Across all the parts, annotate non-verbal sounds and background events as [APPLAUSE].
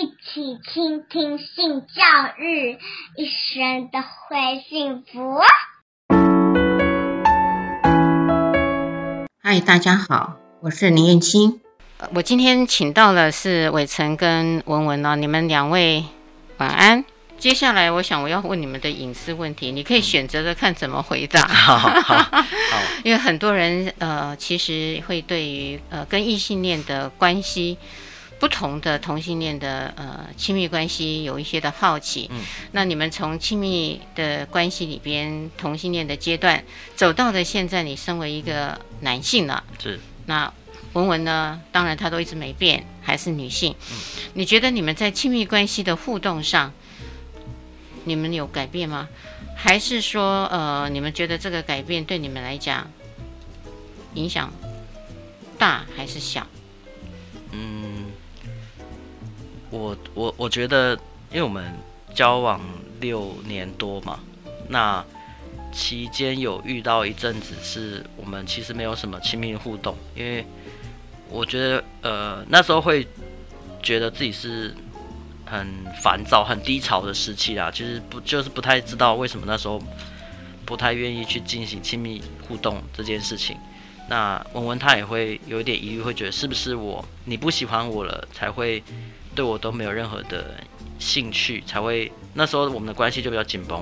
一起傾聽性教育，一生都會幸福，啊。嗨，大家好，我是林燕青、呃。我今天請到的是瑋晨跟文文、哦、你們兩位晚安。接下來，我想我要問你們的隱私問題，你可以選擇的看怎麼回答。嗯、 [LAUGHS] 因為很多人呃，其實會對於呃跟異性戀的關係。不同的同性戀的呃親密關係有一些的好奇，嗯、那你們從親密的關係裡邊同性戀的階段走到了現在，你身為一個男性了，是。那文文呢，當然她都一直沒變，還是女性。嗯、你覺得你們在親密關係的互動上，你們有改變嗎？還是說呃，你們覺得這個改變對你們來講影響大還是小？嗯。我我我覺得，因為我們交往六年多嘛，那期間有遇到一陣子是，我們其實沒有什麼親密互動，因為我覺得，呃，那時候會覺得自己是很煩躁、很低潮的時期啊，其實不就是不太知道為什麼那時候不太願意去進行親密互動這件事情。那文文他也會有一點疑慮，會覺得是不是我你不喜歡我了才會。對我都沒有任何的興趣，才會那時候我們的關係就比較緊繃。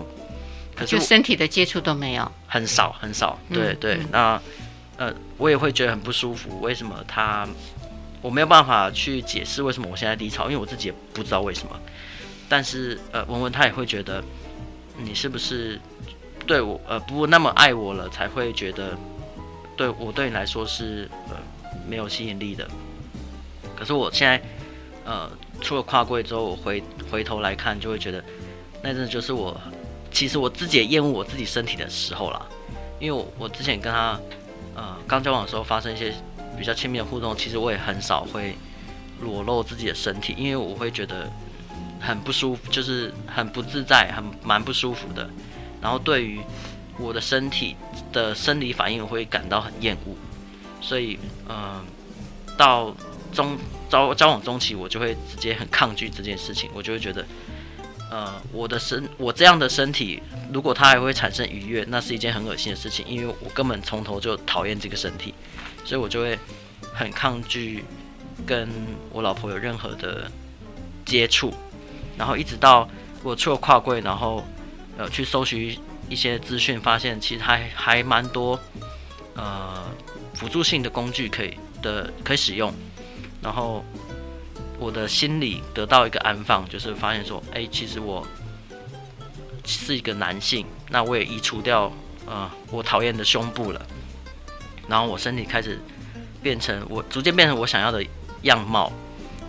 可是就身體的接觸都沒有，很少很少。對、嗯、對，對嗯、那呃，我也會覺得很不舒服。為什麼他我沒有辦法去解釋為什麼我現在低潮？因為我自己也不知道為什麼。但是呃，文文她也會覺得你是不是對我呃不那麼愛我了，才會覺得對我對你來說是呃沒有吸引力的。可是我現在。呃，出了跨櫃之後，我回回頭來看，就會覺得那真的就是我，其實我自己也厭惡我自己身體的時候啦，因為我，我之前跟他，呃，剛交往的時候發生一些比較親密的互動，其實我也很少會裸露自己的身體，因為我會覺得很不舒服，就是很不自在，很蠻不舒服的。然後對於我的身體的生理反應，我會感到很厭惡。所以，嗯、呃，到。中交交往中期，我就會直接很抗拒這件事情，我就會覺得，呃，我的身，我這樣的身體，如果它還會產生愉悅，那是一件很噁心的事情，因為我根本從頭就討厭這個身體，所以我就會很抗拒跟我老婆有任何的接觸，然後一直到我出了跨櫃，然後呃去搜尋一些資訊，發現其實還還蠻多呃輔助性的工具可以的，可以使用。然後，我的心裡得到一個安放，就是發現說，哎，其實我是一個男性，那我也移除掉，呃，我討厭的胸部了，然後我身體開始變成我逐漸變成我想要的樣貌，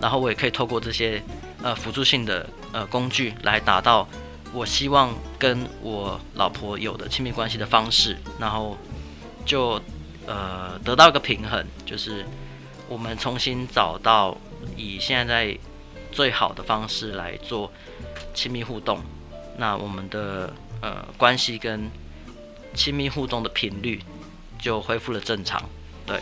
然後我也可以透過這些呃輔助性的呃工具來達到我希望跟我老婆有的親密關係的方式，然後就呃得到一個平衡，就是。我們重新找到以現在最好的方式來做親密互動，那我們的呃關係跟親密互動的頻率就恢復了正常，對。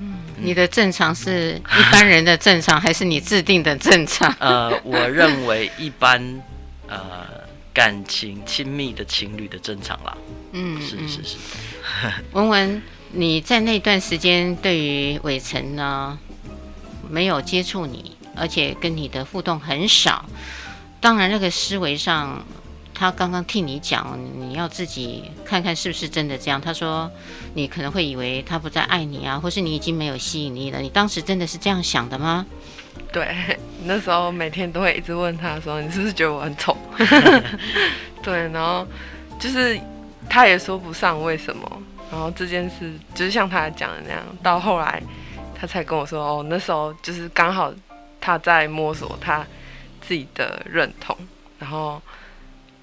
嗯，你的正常是一般人的正常， [LAUGHS] 還是你制定的正常？呃，我認為一般呃感情親密的情侶的正常啦。嗯，是是是。是是是 [LAUGHS] 文文。你在那段時間對於瑋晨呢沒有接觸你，而且跟你的互動很少。當然，那個思維上，他剛剛替你講，你要自己看看是不是真的這樣。他說你可能會以為他不再愛你啊，或是你已經沒有吸引力了。你當時真的是這樣想的嗎？對，那時候每天都會一直問他說：“你是不是覺得我很醜？” [LAUGHS] [LAUGHS] 對，然後就是他也說不上為什麼。然後這件事就是像他講的那樣，到後來他才跟我說，哦，那時候就是剛好他在摸索他自己的認同，然後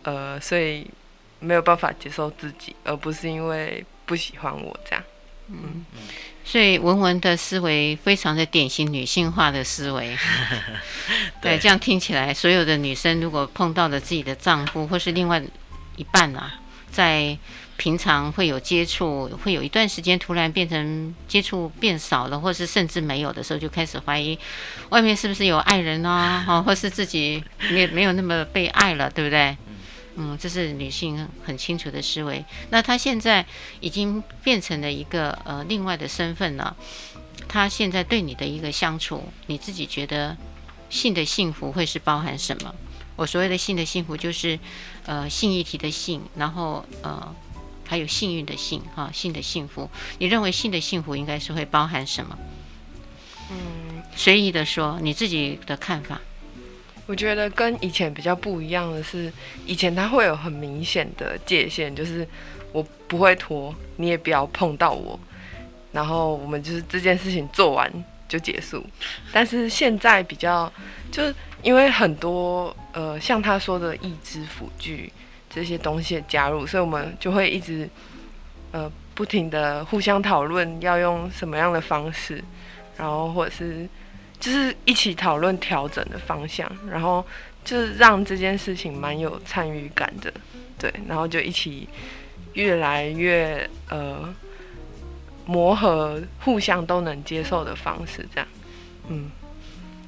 呃，所以沒有辦法接受自己，而不是因為不喜歡我這樣。嗯，嗯，所以文文的思維非常的典型女性化的思維。 [LAUGHS] 對，對，這樣聽起來，所有的女生如果碰到了自己的丈夫或是另外一半啊，在。平常會有接觸，會有一段時間突然變成接觸變少了，或是甚至沒有的時候，就開始懷疑外面是不是有愛人啊，哈，或是自己沒沒有那麼被愛了，對不對？嗯，這是女性很清楚的思維。那她現在已經變成了一個呃另外的身份了，她現在對你的一個相處，你自己覺得性的幸福會是包含什麼？我所謂的性的幸福就是呃性議題的性，然後呃。還有幸運的幸哈、哦，幸的幸福。你認為幸的幸福應該是會包含什麼？嗯，隨意的說你自己的看法。我覺得跟以前比較不一樣的是，以前他會有很明顯的界限，就是我不會脫，你也不要碰到我，然後我們就是這件事情做完就結束。但是現在比較，就是因為很多呃，像他說的義肢輔具，這些東西的加入，所以我們就會一直呃不停的互相討論要用什麼樣的方式，然後或者是就是一起討論調整的方向，然後就是讓這件事情蠻有參與感的，對，然後就一起越來越呃磨合，互相都能接受的方式，這樣，嗯，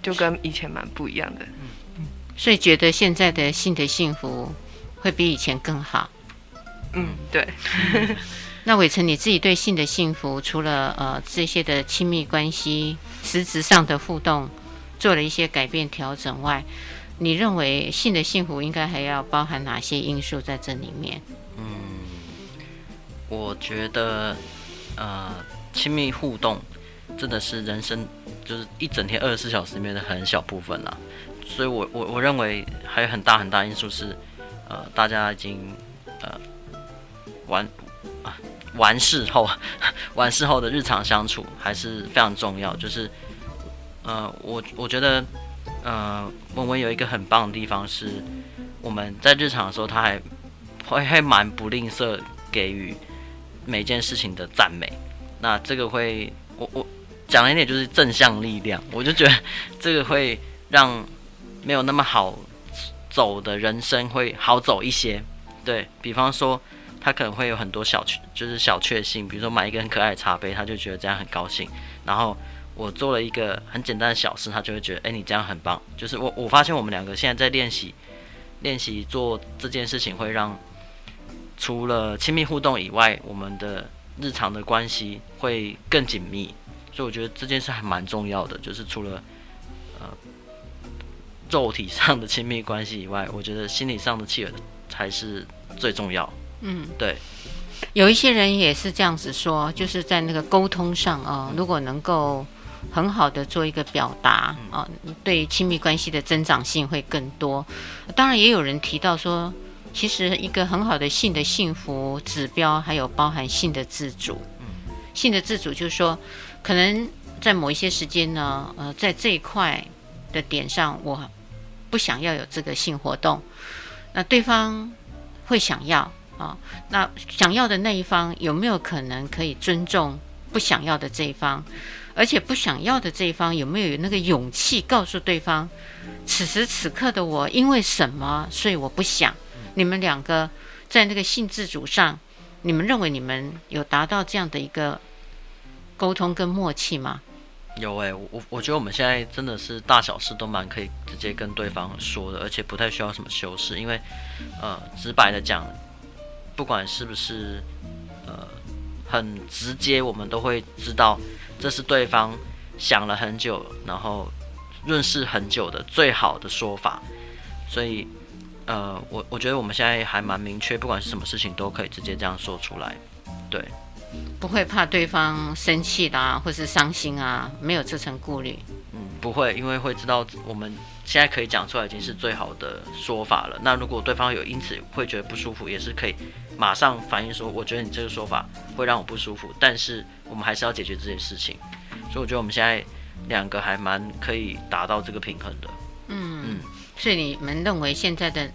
就跟以前蠻不一樣的，嗯嗯，所以覺得現在的新的幸福。會比以前更好，嗯，對。 [LAUGHS] 那瑋晨，你自己對性的幸福，除了呃這些的親密關係實質上的互動，做了一些改變調整外，你認為性的幸福應該還要包含哪些因素在這裡面？嗯，我覺得呃，親密互動真的是人生就是一整天二十四小時裡面的很小部分了，啊。所以我我我認為還有很大很大因素是。呃、大家已經呃完，啊、完事後，完事後的日常相處還是非常重要。就是呃，我我覺得呃，文文有一個很棒的地方是，我們在日常的時候，他還會還還蠻不吝嗇給予每件事情的讚美。那這個會，我我講一點就是正向力量，我就覺得這個會讓沒有那麼好。走的人生會好走一些，對，比方說，他可能會有很多小確，就是小確幸，比如說買一個很可愛的茶杯，他就覺得這樣很高興。然後我做了一個很簡單的小事，他就會覺得，誒，你這樣很棒。就是我我發現我們兩個現在在練習，練習做這件事情會讓，除了親密互動以外，我們的日常的關係會更緊密。所以我覺得這件事還蠻重要的，就是除了。肉體上的親密關係以外，我覺得心理上的契合才是最重要。嗯，對。有一些人也是這樣子說，就是在那個溝通上啊、呃，如果能夠很好的做一個表達啊、呃，對親密關係的增長性會更多。當然，也有人提到說，其實一個很好的性的幸福指標，還有包含性的自主。嗯，性的自主就是說，可能在某一些時間呢，呃，在這一塊的點上，我。不想要有這個性活動，那對方會想要啊、哦？那想要的那一方有沒有可能可以尊重不想要的這一方？而且不想要的這一方有沒有有那個勇氣告訴對方，此時此刻的我因為什麼，所以我不想？嗯、你們兩個在那個性自主上，你們認為你們有達到這樣的一個溝通跟默契嗎？有誒、欸，我我覺得我們現在真的是大小事都蠻可以直接跟對方說的，而且不太需要什麼修飾，因為，呃，直白的講，不管是不是，呃，很直接，我們都會知道這是對方想了很久，然後潤飾很久的最好的說法，所以，呃，我我覺得我們現在還蠻明確，不管是什麼事情都可以直接這樣說出來，對。不會怕對方生氣的啊，或是傷心啊，沒有這層顧慮。嗯，不會，因為會知道我們現在可以講出來，已經是最好的說法了。那如果對方有因此會覺得不舒服，也是可以馬上反映說，我覺得你這個說法會讓我不舒服。但是我們還是要解決這件事情，所以我覺得我們現在兩個還蠻可以達到這個平衡的。嗯嗯，嗯，所以你們認為現在的？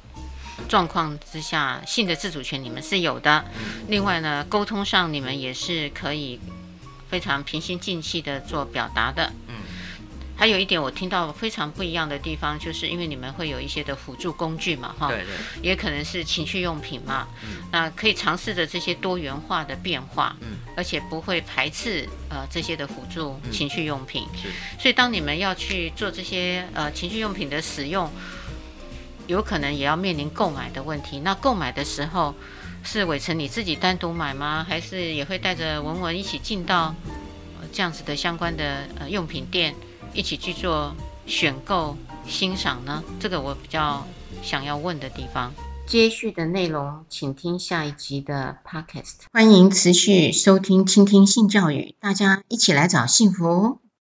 狀況之下，性的自主權你們是有的。嗯、另外呢，溝通上你們也是可以非常平心靜氣的做表達的。嗯。還有一點，我聽到非常不一樣的地方，就是因為你們會有一些的輔助工具嘛，哈。對對。也可能是情趣用品嘛。嗯。那、呃、可以嘗試着這些多元化的變化。嗯、而且不會排斥呃這些的輔助情趣用品。嗯、所以當你們要去做這些呃情趣用品的使用，有可能也要面臨購買的問題。那購買的時候是瑋晨你自己單獨買嗎？還是也會帶着文文一起進到這樣子的相關的呃用品店一起去做選購欣賞呢？這個我比較想要問的地方。接續的內容，請聽下一集的 Podcast。歡迎持續收聽《傾聽性教育》，大家一起來找幸福。